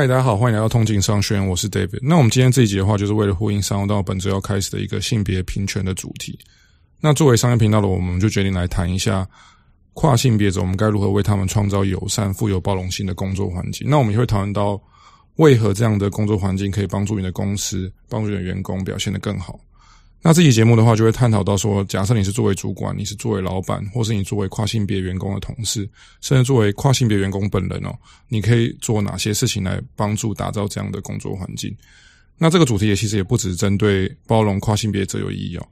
嗨，大家好，歡迎來到通勤商學院，我是 David。那我們今天這一集的話，就是為了呼應商務到本周要開始的一個性別平權的主題。那作為商業頻道的，我們就決定來談一下跨性別者，我們該如何為他們創造友善、富有包容性的工作環境。那我們也會討論到為何這樣的工作環境可以幫助你的公司、幫助你的員工表現得更好。那這期節目的話，就會探討到說，假設你是作為主管，你是作為老闆，或是你作為跨性別員工的同事，甚至作為跨性別員工本人哦，你可以做哪些事情來幫助打造這樣的工作環境。那這個主題也其實也不只針對包容跨性別者有意義哦，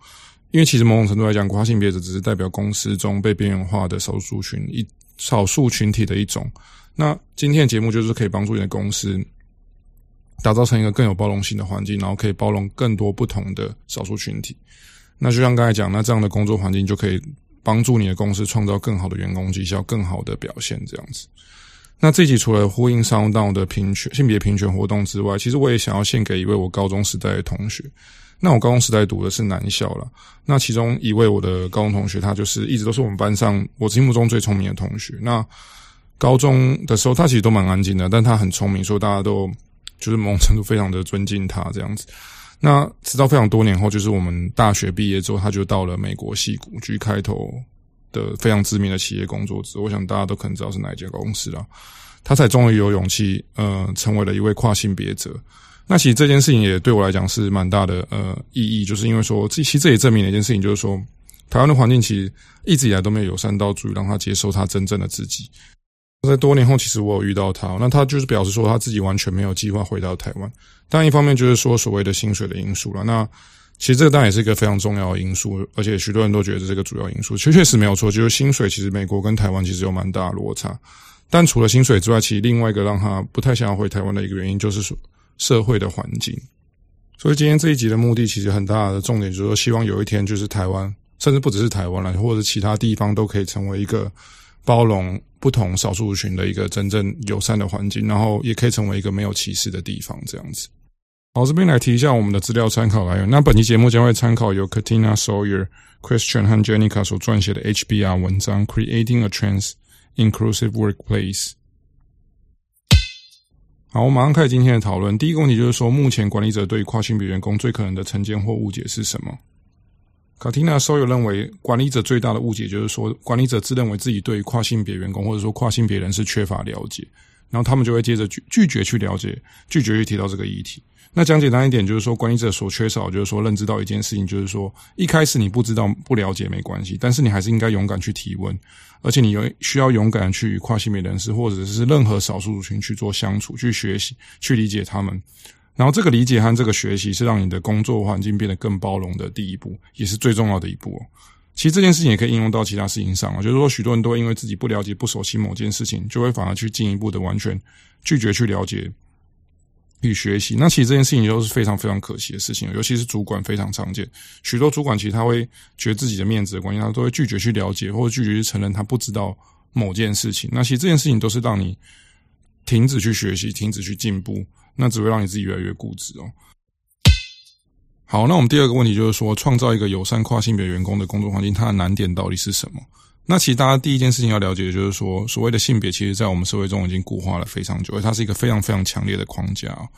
因為其實某種程度來講，跨性別者只是代表公司中被邊緣化的少數群，一少數群體的一種。那今天的節目就是可以幫助你的公司。打造成一個更有包容性的環境，然後可以包容更多不同的少數群體。那就像剛才講，那這樣的工作環境就可以幫助你的公司創造更好的員工績效、更好的表現。這樣子。那這集除了呼應商務道的平權性別平權活動之外，其實我也想要獻給一位我高中時代的同學。那我高中時代讀的是男校啦。那其中一位我的高中同學，他就是一直都是我們班上我心目中最聰明的同學。那高中的時候，他其實都蠻安靜的，但他很聰明，所以大家都。就是某程度非常的尊敬他這樣子，那直到非常多年後，就是我們大學畢業之後，他就到了美國矽谷 G 開頭的非常知名的企業工作者，我想大家都可能知道是哪一家公司了。他才終於有勇氣，呃，成為了一位跨性別者。那其實這件事情也對我來講是蠻大的，呃，意義，就是因為說，其實這也證明了一件事情，就是說，台灣的環境其實一直以來都沒有友善到足以讓他接受他真正的自己。在多年後，其實我有遇到他，那他就是表示說他自己完全沒有計劃回到台灣，但一方面就是說所謂的薪水的因素啦。那其實這當然也是一個非常重要的因素，而且許多人都覺得這是個主要因素，其實確實沒有錯，就是薪水。其實美國跟台灣其實有蠻大的落差，但除了薪水之外，其實另外一個讓他不太想要回台灣的一個原因就是說社會的環境。所以今天這一集的目的其實很大的重點就是說，希望有一天就是台灣，甚至不只是台灣了，或者其他地方都可以成為一個包容，不同少數族群的一個真正友善的環境，然後也可以成為一個沒有歧視的地方，這樣子。好，這邊來提一下我們的資料參考來源。那本期節目將會參考由 Katina Sawyer、Christian 和 Jennica 所撰寫的 HBR 文章《Creating a Trans-Inclusive Workplace》。好，我馬上開始今天的討論。第一個問題就是說，目前管理者對於跨性別員工最可能的成見或誤解是什麼？卡蒂娜 Sawyer 認為，管理者最大的誤解就是說，管理者自認為自己對於跨性別員工或者說跨性別人士缺乏了解，然後他們就會接着拒絕去了解，拒絕去提到這個議題。那講簡單一點，就是說管理者所缺少就是說，認知到一件事情，就是說，一開始你不知道不了解沒關係，但是你還是應該勇敢去提問，而且你有需要勇敢去跨性別人士或者是任何少數族群去做相處，去學習，去理解他們。然後，這個理解和這個學習是讓你的工作環境變得更包容的第一步，也是最重要的一步哦。其實這件事情也可以應用到其他事情上啊，就是說，許多人都會因為自己不了解、不熟悉某件事情，就會反而去進一步的完全拒絕去了解與學習。那其實這件事情就是非常非常可惜的事情，尤其是主管非常常見。許多主管其實他會覺得自己的面子的關係，他都會拒絕去了解，或者拒絕去承認他不知道某件事情。那其實這件事情都是讓你。停止去學習，停止去進步，那只會讓你自己越來越固執哦。好，那我們第二個問題就是說，創造一個友善跨性別員工的工作環境，它的難點到底是什麼？那其實大家第一件事情要了解的就是說，所謂的性別，其實在我們社會中已經固化了非常久，而它是一個非常非常強烈的框架哦。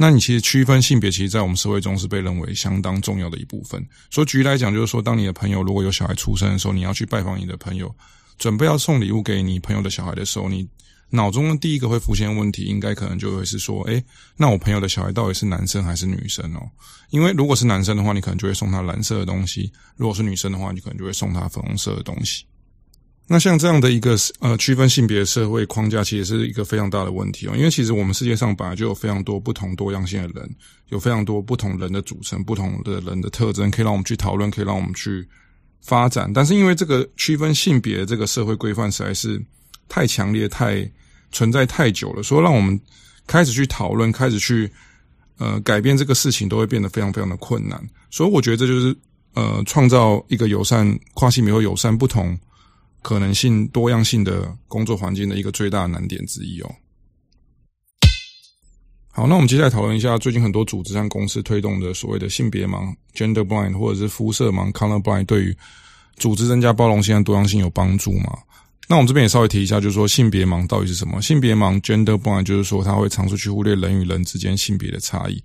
那你其實區分性別，其實在我們社會中是被認為相當重要的一部分。所以舉例來講，就是說，當你的朋友如果有小孩出生的時候，你要去拜訪你的朋友，準備要送禮物給你朋友的小孩的時候，你。腦中的第一個會浮現的問題，應該可能就會是說，哎、欸，那我朋友的小孩到底是男生還是女生哦？因為如果是男生的話，你可能就會送他藍色的東西，如果是女生的話，你可能就會送她粉紅色的東西。那像這樣的一個呃區分性別社會框架，其實是一個非常大的問題哦。因為其實我們世界上本來就有非常多不同多樣性的人，有非常多不同人的組成，不同的人的特徵，可以讓我們去討論，可以讓我們去發展。但是因為這個區分性別這個社會規範實在是太強烈，太。存在太久了，所以讓我們開始去討論，開始去呃改變這個事情，都會變得非常非常的困難。所以我覺得這就是呃創造一個友善、跨性別或友善、不同可能性、多樣性的工作環境的一個最大的難點之一哦。好，那我們接下來討論一下，最近很多組織和公司推動的所謂的性別盲 （gender blind） 或者是膚色盲 （color blind） 對於組織增加包容性和多樣性有幫助嗎？那我們這邊也稍微提一下，就是說性別盲到底是什麼？性別盲 （gender b o n d 就是說，他會嘗試去忽略人與人之間性別的差異。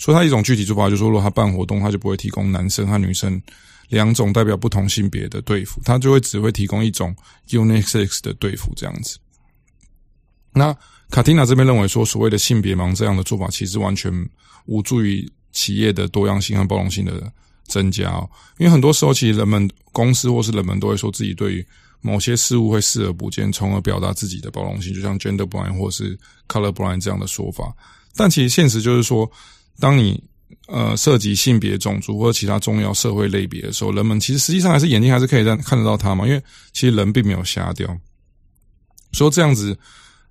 所以他一種具體做法就是說，如果他辦活動，他就不會提供男生和女生兩種代表不同性別的隊服，他就會只會提供一種 unisex 的隊服這樣子。那卡蒂娜這邊認為說，所謂的性別盲這樣的做法，其實完全無助於企業的多樣性和包容性的，增加哦，因為很多時候其實人們、公司或是人們都會說自己對於某些事物會視而不見，從而表達自己的包容性，就像 gender blind 或是 color blind 這樣的說法。但其實現實就是說，當你呃涉及性別、種族或者其他重要社會類別的時候，人們其實實際上還是眼睛還是可以看得到它嘛，因為其實人並沒有瞎掉。所以這樣子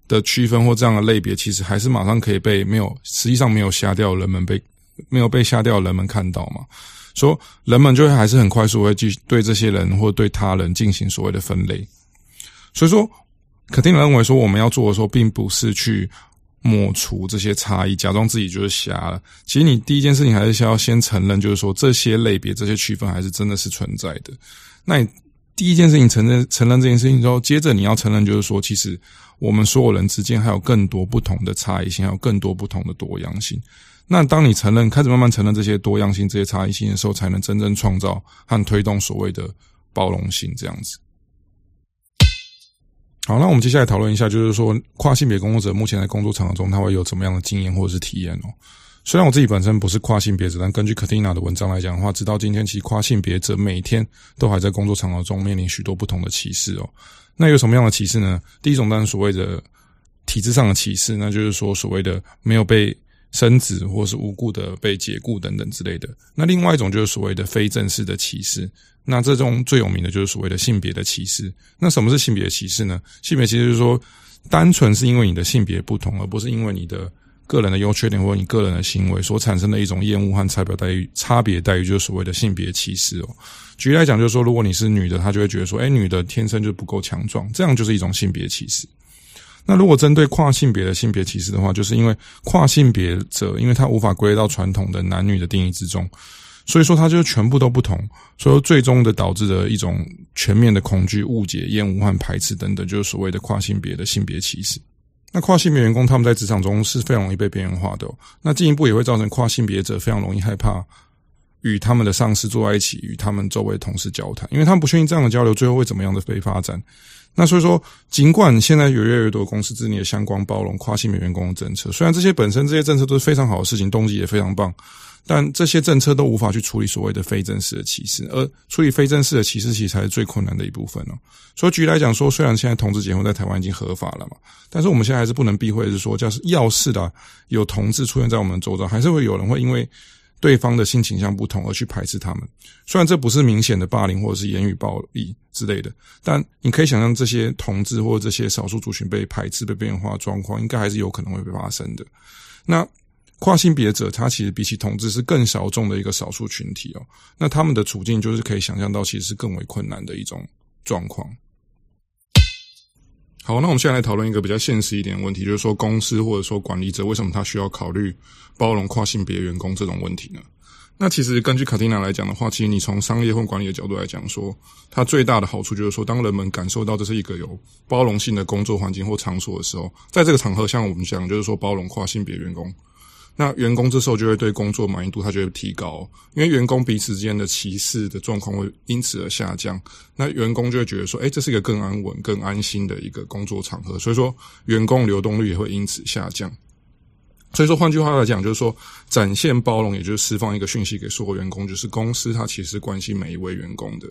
的區分或這樣的類別，其實還是馬上可以被沒有實際上沒有瞎掉的人們，被沒有被瞎掉的人們看到嘛。說人們就會還是很快速會去對這些人或對他人進行所謂的分類，所以說肯定認為說我們要做的時候，並不是去抹除這些差異，假裝自己就是瞎了。其實你第一件事情還是需要先承認，就是說這些類別、這些區分還是真的是存在的。那你第一件事情承認承認這件事情之後，接着你要承認就是說，其實我們所有人之間還有更多不同的差異性，還有更多不同的多樣性。那當你承認，開始慢慢承認這些多樣性、這些差異性的時候，才能真正創造和推動所謂的包容性。這樣子。好，那我們接下來討論一下，就是說跨性別工作者目前在工作場合中，他會有怎麼樣的經驗或者是體驗哦？雖然我自己本身不是跨性別者，但根據 Katina 的文章來講的話，直到今天，其實跨性別者每天都還在工作場合中面臨許多不同的歧視哦。那有什麼樣的歧視呢？第一種當然是所謂的體制上的歧視，那就是說所謂的沒有被。升職或是無故的被解雇等等之類的。那另外一種就是所謂的非正式的歧視。那這種最有名的就是所謂的性別的歧視。那什麼是性別的歧視呢？性別歧視就是說，單純是因為你的性別不同，而不是因為你的個人的優缺點或你個人的行為所產生的一種厭惡和差別待遇。差別待遇就是所謂的性別歧視哦。舉例來講，就是說如果你是女的，她就會覺得說，哎，女的天生就不夠強壯，這樣就是一種性別歧視。那如果針對跨性別的性別歧視的話，就是因為跨性別者，因為他無法歸類到傳統的男女的定義之中，所以說他就全部都不同，所以最終的導致了一種全面的恐懼、誤解、厭惡和排斥等等，就是所謂的跨性別的性別歧視。那跨性別員工他們在職場中是非常容易被邊緣化的，那進一步也會造成跨性別者非常容易害怕。與他們的上司坐在一起，與他們周圍同事交談，因為他們不確定這樣的交流最後會怎麼樣的被發展。那所以說，儘管現在有越來越多的公司制定相關包容、跨性別員工的政策，雖然這些本身這些政策都是非常好的事情，動機也非常棒，但這些政策都無法去處理所謂的非正式的歧視，而處理非正式的歧視其實才是最困難的一部分哦、啊。所以，舉例來講說，雖然現在同志結婚在台灣已經合法了嘛，但是我們現在還是不能避諱，是說要是要是的有同志出現在我們的周遭，還是會有人會因為。對方的性傾向不同而去排斥他們，雖然這不是明顯的霸凌或者是言語暴力之類的，但你可以想象這些同志或者這些少數族群被排斥、被邊緣化的狀況，應該還是有可能會被發生的。那跨性別者他其實比起同志是更小眾的一個少數群體哦，那他們的處境就是可以想象到其實是更為困難的一種狀況。好，那我們現在來討論一個比較現實一點的問題，就是說公司或者說管理者為什麼他需要考慮包容跨性別員工這種問題呢？那其實根據卡蒂娜來講的話，其實你從商業或管理的角度來講說，說它最大的好處就是說，當人們感受到這是一個有包容性的工作環境或場所的時候，在這個場合，像我們講，就是說包容跨性別員工。那員工這時候就會對工作滿意度，他就會提高、哦，因為員工彼此之間的歧視的狀況會因此而下降。那員工就會覺得說，哎、欸，這是一個更安穩、更安心的一個工作場合。所以說，員工流動率也會因此下降。所以說，換句話來講，就是說展現包容，也就是釋放一個訊息給所有員工，就是公司它其實關心每一位員工的。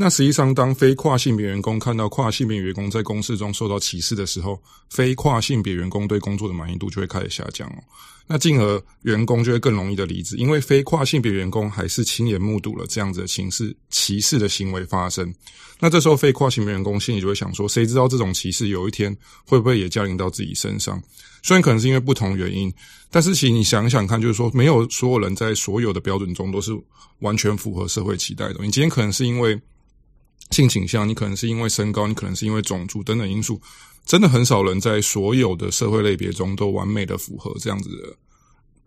那實際上，當非跨性別員工看到跨性別員工在公司中受到歧視的時候，非跨性別員工對工作的滿意度就會開始下降哦。那進而員工就會更容易的離職，因為非跨性別員工還是親眼目睹了這樣子的情勢、歧視的行為發生。那這時候非跨性別員工心裡就會想說：誰知道這種歧視有一天會不會也降臨到自己身上？雖然可能是因為不同原因，但是其實你想一想看，就是說沒有所有人在所有的標準中都是完全符合社會期待的。你今天可能是因為性傾向，你可能是因為身高，你可能是因為種族等等因素，真的很少人在所有的社會類別中都完美的符合這樣子的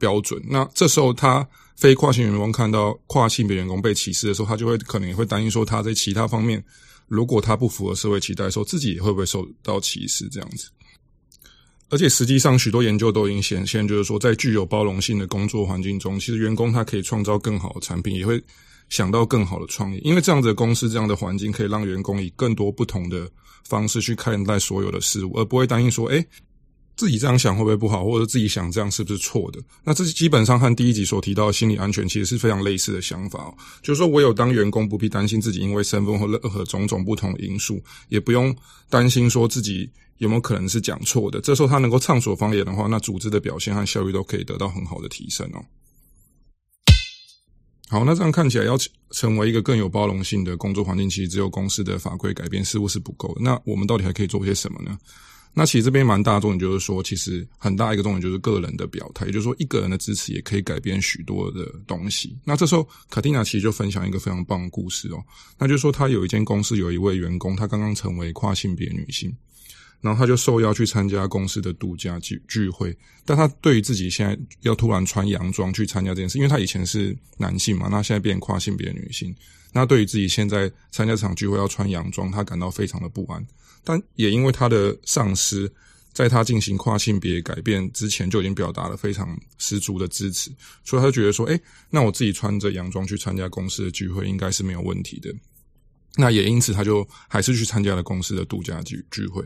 標準。那這時候，他非跨性員工看到跨性別員工被歧視的時候，他就會可能也會擔心說，他在其他方面如果他不符合社會期待的時候，自己也會不會受到歧視這樣子。而且實際上，許多研究都已經顯現，就是說，在具有包容性的工作環境中，其實員工他可以創造更好的產品，也會想到更好的創業，因為這樣子的公司、這樣的環境，可以讓員工以更多不同的方式去看待所有的事物，而不會擔心說：“誒，自己這樣想會不會不好？”或者自己想這樣是不是錯的？那這基本上和第一集所提到的心理安全其實是非常類似的想法哦，就是說唯有當員工，不必擔心自己因為身份或任何種種不同的因素，也不用擔心說自己有沒有可能是講錯的。這時候他能夠暢所欲言的話，那組織的表現和效率都可以得到很好的提升哦。好，那這樣看起來要成為一個更有包容性的工作環境，其實只有公司的法規改變似乎是不夠的。那我們到底還可以做些什麼呢？那其實這邊蠻大的重點就是說，其實很大一個重點就是個人的表態，也就是說，一個人的支持也可以改變許多的東西。那這時候，卡蒂娜其實就分享一個非常棒的故事哦，那就是說，她有一間公司有一位員工，她剛剛成為跨性別女性。然後他就受邀去參加公司的度假聚聚會，但他對於自己現在要突然穿洋裝去參加這件事，因為他以前是男性嘛，那現在變跨性別女性，那對於自己現在參加這場聚會要穿洋裝，他感到非常的不安。但也因為他的上司在他進行跨性別改變之前就已經表達了非常十足的支持，所以他就覺得說：“誒，那我自己穿着洋裝去參加公司的聚會應該是沒有問題的。”那也因此，他就還是去參加了公司的度假聚聚會。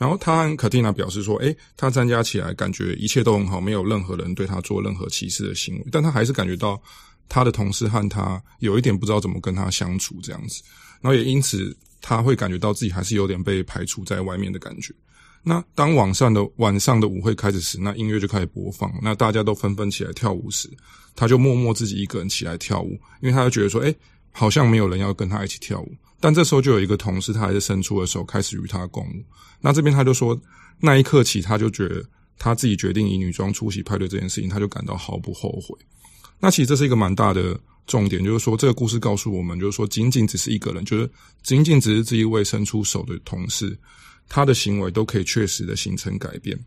然後他和 Katina 表示說：“哎，他參加起來感覺一切都很好，沒有任何人對他做任何歧視的行為。但他還是感覺到他的同事和他有一點不知道怎麼跟他相處這樣子。然後也因此，他會感覺到自己還是有點被排除在外面的感覺。那當晚上的晚上的舞會開始時，那音樂就開始播放，那大家都紛紛起來跳舞時，他就默默自己一個人起來跳舞，因為他就覺得說：哎，好像沒有人要跟他一起跳舞。”但這時候就有一個同事，他還是伸出了手，開始與他共舞。那這邊他就說，那一刻起，他就覺得他自己決定以女裝出席派對這件事情，他就感到毫不後悔。那其實這是一個蠻大的重點，就是說這個故事告訴我們，就是說僅僅只是一個人，就是僅僅只是這一位伸出手的同事，他的行為都可以確實的形成改變。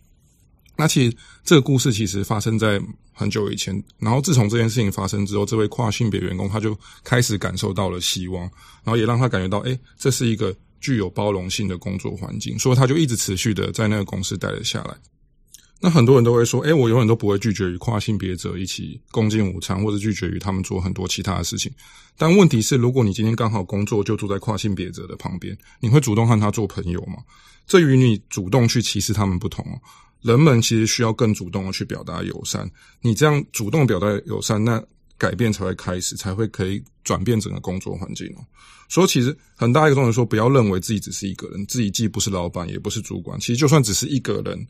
那其實這個故事其實發生在很久以前。然後自從這件事情發生之後，這位跨性別員工他就開始感受到了希望，然後也讓他感覺到，哎，這是一個具有包容性的工作環境，所以他就一直持續的在那個公司待了下來。那很多人都會說，哎，我永遠都不會拒絕與跨性別者一起共進午餐，或者拒絕與他們做很多其他的事情。但問題是，如果你今天剛好工作就住在跨性別者的旁邊，你會主動和他做朋友嗎？這與你主動去歧視他們不同人們其實需要更主動地去表達友善。你這樣主動表達友善，那改變才會開始，才會可以轉變整個工作環境哦。所以其實很大一個重點說，不要認為自己只是一個人，自己既不是老闆，也不是主管。其實就算只是一個人，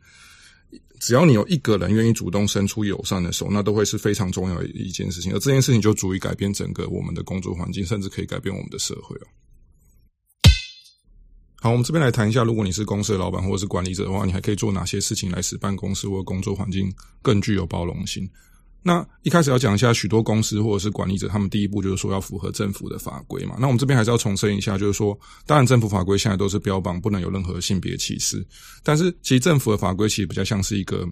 只要你有一個人願意主動伸出友善的手，那都會是非常重要的一件事情。而這件事情就足以改變整個我們的工作環境，甚至可以改變我們的社會哦。好，我們這邊來談一下，如果你是公司的老闆或者是管理者的話，你還可以做哪些事情來使辦公室或者工作環境更具有包容性？那一開始要講一下，許多公司或者是管理者，他們第一步就是說要符合政府的法規嘛。那我們這邊還是要重申一下，就是說，當然政府法規現在都是標榜不能有任何性別歧視，但是其實政府的法規其實比較像是一個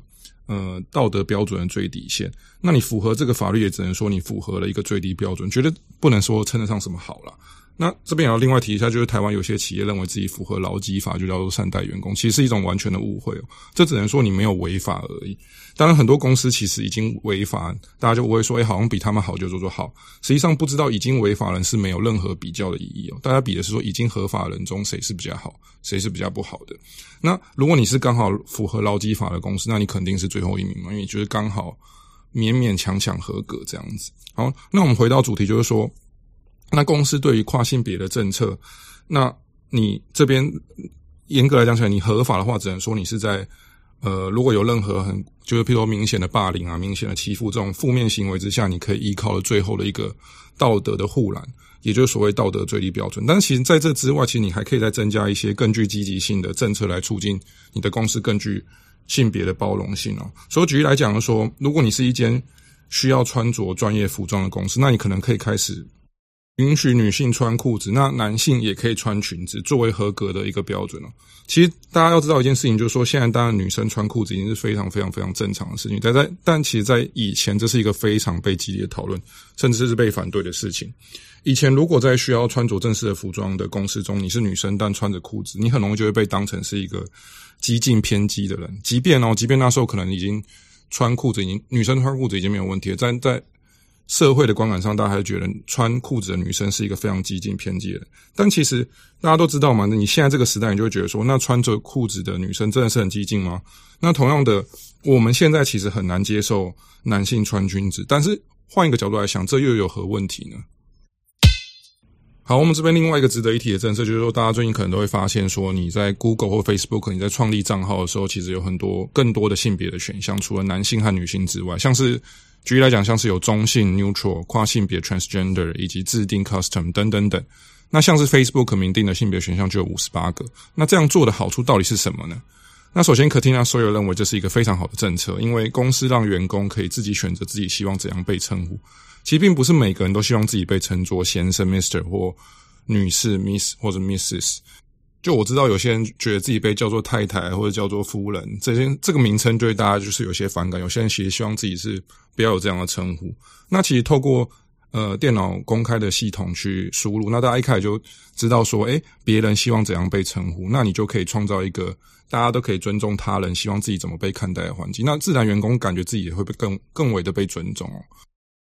呃道德標準的最底線。那你符合這個法律，也只能說你符合了一個最低標準，絕對不能說稱得上什麼好了。那這邊也要另外提一下，就是台灣有些企業認為自己符合勞基法，就叫做善待員工，其實是一種完全的誤會哦、喔。這只能說你沒有違法而已。當然，很多公司其實已經違法，大家就不會說，哎、欸，好像比他們好就做做好。實際上不知道已經違法人是沒有任何比較的意義哦、喔。大家比的是說，已經合法人中誰是比較好，誰是比較不好的。那如果你是剛好符合勞基法的公司，那你肯定是最後一名嘛，因為你就是剛好勉勉強強合格這樣子。好，那我們回到主題，就是說。那公司對於跨性別的政策，那你這邊嚴格來講起來，你合法的話，只能說你是在呃，如果有任何很就是譬如說明顯的霸凌啊、明顯的欺負這種負面行為之下，你可以依靠最後的一個道德的護欄，也就是所謂道德最低標準。但是其實在這之外，其實你還可以再增加一些更具積極性的政策來促進你的公司更具性別的包容性哦。所以舉例來講就說，如果你是一間需要穿着專業服裝的公司，那你可能可以開始。允許女性穿褲子，那男性也可以穿裙子作為合格的一個標準了，喔。其實大家要知道一件事情，就是說現在當然女生穿褲子已經是非常非常非常正常的事情。但在但其實，在以前這是一個非常被激烈的討論，甚至是被反對的事情。以前如果在需要穿着正式的服裝的公司中，你是女生但穿着褲子，你很容易就會被當成是一個激進偏激的人。即便哦、喔，即便那時候可能已經穿褲子已經女生穿褲子已經沒有問題了。但在，在社會的觀感上，大家還是覺得穿褲子的女生是一個非常激進偏激的。但其實大家都知道嘛，那你現在這個時代，你就會覺得說，那穿着褲子的女生真的是很激進嗎？那同樣的，我們現在其實很難接受男性穿裙子，但是換一個角度來想，這又有何問題呢？好，我們這邊另外一個值得一提的政策，就是說，大家最近可能都會發現，說你在 Google 或 Facebook，你在創立賬號的時候，其實有很多更多的性別的選項，除了男性和女性之外，像是舉例來講，像是有中性 neutral、跨性別 transgender 以及自定 custom 等等等。那像是 Facebook 明定的性別選項就有五十八個。那這樣做的好處到底是什麼呢？那首先，Katina 所有認為這是一個非常好的政策，因為公司讓員工可以自己選擇自己希望怎樣被稱呼。其實並不是每個人都希望自己被稱作先生 （Mr.） 或女士 （Miss） 或者 Mrs.。就我知道，有些人覺得自己被叫做太太或者叫做夫人，這些這個名稱對大家就是有些反感。有些人其實希望自己是不要有這樣的稱呼。那其實透過。呃，電腦公開的系統去輸入，那大家一開始就知道說，哎，別人希望怎樣被稱呼，那你就可以創造一個大家都可以尊重他人、希望自己怎麼被看待的環境，那自然員工感覺自己也會被更更為的被尊重哦。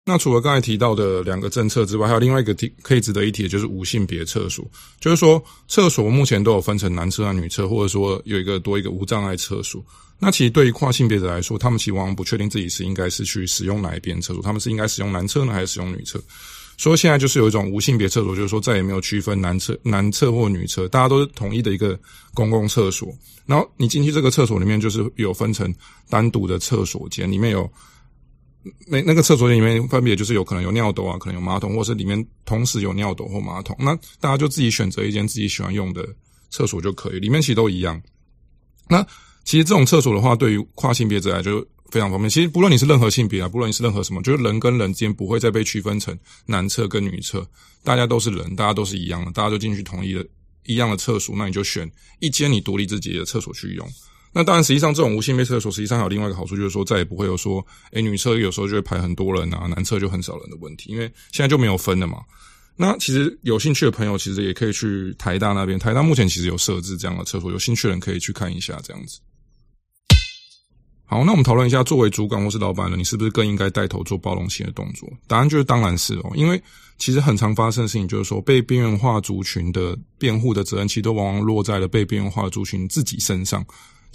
那除了剛才提到的兩個政策之外，還有另外一個可以值得一提的就是無性別廁所，就是說廁所目前都有分成男廁和女廁，或者說有一個多一個無障礙廁所。那其實對於跨性別者來說，他們其實往往不確定自己是應該是去使用哪一邊廁所，他們是應該使用男廁呢，還是使用女廁？所以現在就是有一種無性別廁所，就是說再也沒有區分男廁、男廁或女廁，大家都是統一的一個公共廁所。然後你進去這個廁所裡面，就是有分成單獨的廁所間，裡面有。那那個廁所裡面分別就是有可能有尿斗啊，可能有馬桶，或者是裡面同時有尿斗或馬桶。那大家就自己選擇一間自己喜歡用的廁所就可以，裡面其實都一樣。那其實這種廁所的話，對於跨性別者來就非常方便。其實不論你是任何性別啊，不論你是任何什麼，就是人跟人之間不會再被區分成男廁跟女廁，大家都是人，大家都是一樣的，大家就進去同一的、一樣的廁所，那你就選一間你獨立自己的廁所去用。那當然，實際上這種無性別廁所實際上還有另外一個好處，就是說再也不會有說，哎，女廁有時候就會排很多人啊，男廁就很少人的問題，因為現在就沒有分了嘛。那其實有興趣的朋友，其實也可以去台大那邊，台大目前其實有設置這樣的廁所，有興趣的人可以去看一下這樣子。好，那我們討論一下，作為主管或是老闆呢，你是不是更應該帶頭做包容性的動作？答案就是當然是哦，因為其實很常發生的事情就是說，被邊緣化族群的辯護的責任，其實都往往落在了被邊緣化族群自己身上。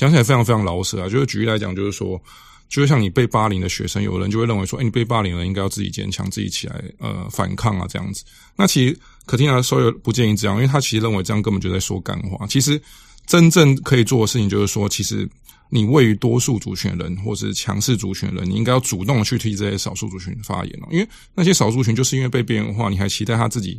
講起來非常非常老實啊，就是舉例來講，就是說，就像你被霸凌的學生，有人就會認為說，誒你被霸凌了，應該要自己堅強，自己起來，呃，反抗啊，這樣子。那其實可聽雅、啊、所有不建議這樣，因為他其實認為這樣根本就在說幹話。其實真正可以做的事情就是說，其實你位於多數族群的人或者是強勢族群的人，你應該要主動去替這些少數族群發言、啊、因為那些少數群就是因為被邊緣化，你還期待他自己？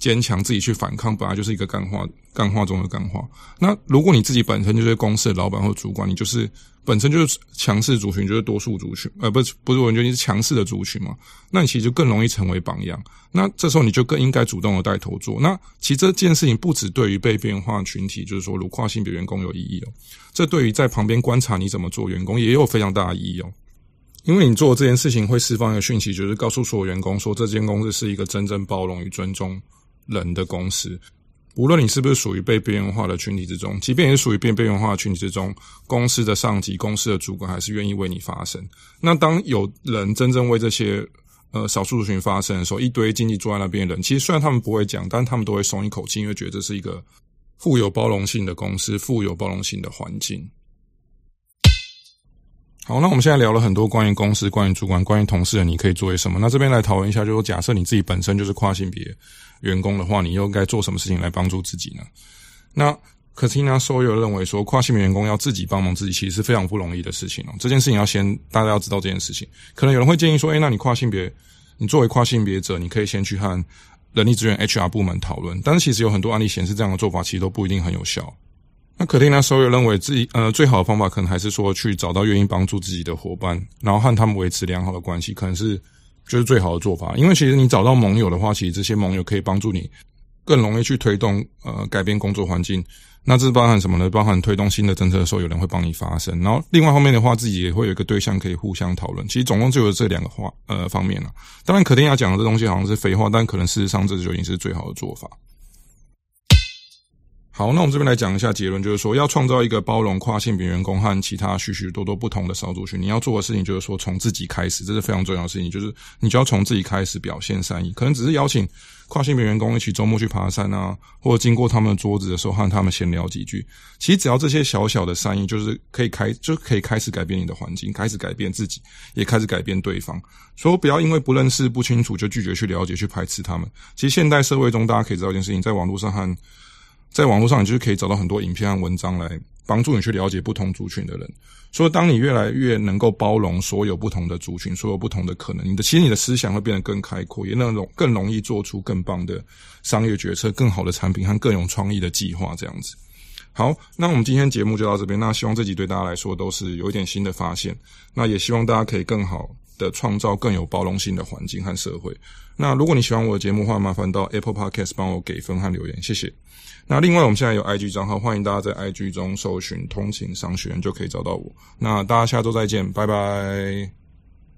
堅強自己去反抗，本來就是一個幹話，幹話中的幹話。那如果你自己本身就是公司的老闆或主管，你就是本身就是強勢族群，就是多數族群，呃，不是不是，我覺得你是強勢的族群嘛，那你其實就更容易成為榜樣。那這時候你就更應該主動的帶頭做。那其實這件事情不只對於被變化群體，就是說如跨性別員工有意義哦，這對於在旁邊觀察你怎麼做員工也有非常大的意義哦，因為你做這件事情會釋放一個訊息，就是告訴所有員工說，這間公司是一個真正包容與尊重人的公司，無論你是不是屬於被邊緣化的群體之中，即便也是屬於被邊緣化的群體之中，公司的上級、公司的主管還是願意為你發聲。那當有人真正為這些呃少數族群發聲的時候，一堆經濟坐在那邊的人，其實雖然他們不會講，但他們都會鬆一口氣，因為覺得這是一個富有包容性的公司，富有包容性的環境。好，那我們現在聊了很多關於公司、關於主管、關於同事的，你可以做些什麼？那這邊來討論一下，就是說，假設你自己本身就是跨性別員工的話，你又應該做什麼事情來幫助自己呢？那 Katina Sawyer 認為說，跨性別員工要自己幫忙自己，其實是非常不容易的事情哦。這件事情要先大家要知道這件事情。可能有人會建議說，誒，那你跨性別，你作為跨性別者，你可以先去和人力資源 HR 部門討論。但是其實有很多案例顯示，這樣的做法其實都不一定很有效。那可汀那所有認為自己，呃，最好的方法可能還是說去找到願意幫助自己的夥伴，然後和他們維持良好的關係，可能是就是最好的做法。因為其實你找到盟友的話，其實這些盟友可以幫助你更容易去推動，呃，改變工作環境。那這包含什麼呢？包含推動新的政策的時候，有人會幫你發聲。然後另外方面的話，自己也會有一個對象可以互相討論。其實總共就有這兩個話，呃，方面了啊。當然，可定要講的這東西好像是廢話，但可能事實上這就已經是最好的做法。好，那我們這邊來講一下結論，就是說要創造一個包容跨性別員工和其他許許多多不同的少數群，你要做的事情就是說從自己開始，這是非常重要的事情，就是你就要從自己開始表現善意，可能只是邀請跨性別員工一起周末去爬山啊，或者經過他們的桌子的時候和他們閒聊幾句。其實只要這些小小的善意，就是可以開就可以開始改變你的環境，開始改變自己，也開始改變對方。所以不要因為不認識，不清楚，就拒絕去了解，去排斥他們。其實現代社會中，大家可以知道一件事情，在網絡上和在網絡上，你就是可以找到很多影片和文章來幫助你去了解不同族群的人。所以，當你越來越能夠包容所有不同的族群、所有不同的可能，你的其實你的思想會變得更開闊，也能容更容易做出更棒的商業決策、更好的產品和更有創意的計劃。這樣子。好，那我們今天節目就到這邊。那希望這集對大家來說都是有一點新的發現。那也希望大家可以更好的創造更有包容性的環境和社會。那如果你喜歡我的節目的話，麻煩到 Apple Podcast 幫我給分和留言，謝謝。那另外，我們現在有 IG 賬號，歡迎大家在 IG 中搜尋“通勤商學院”就可以找到我。那大家下周再見，拜拜。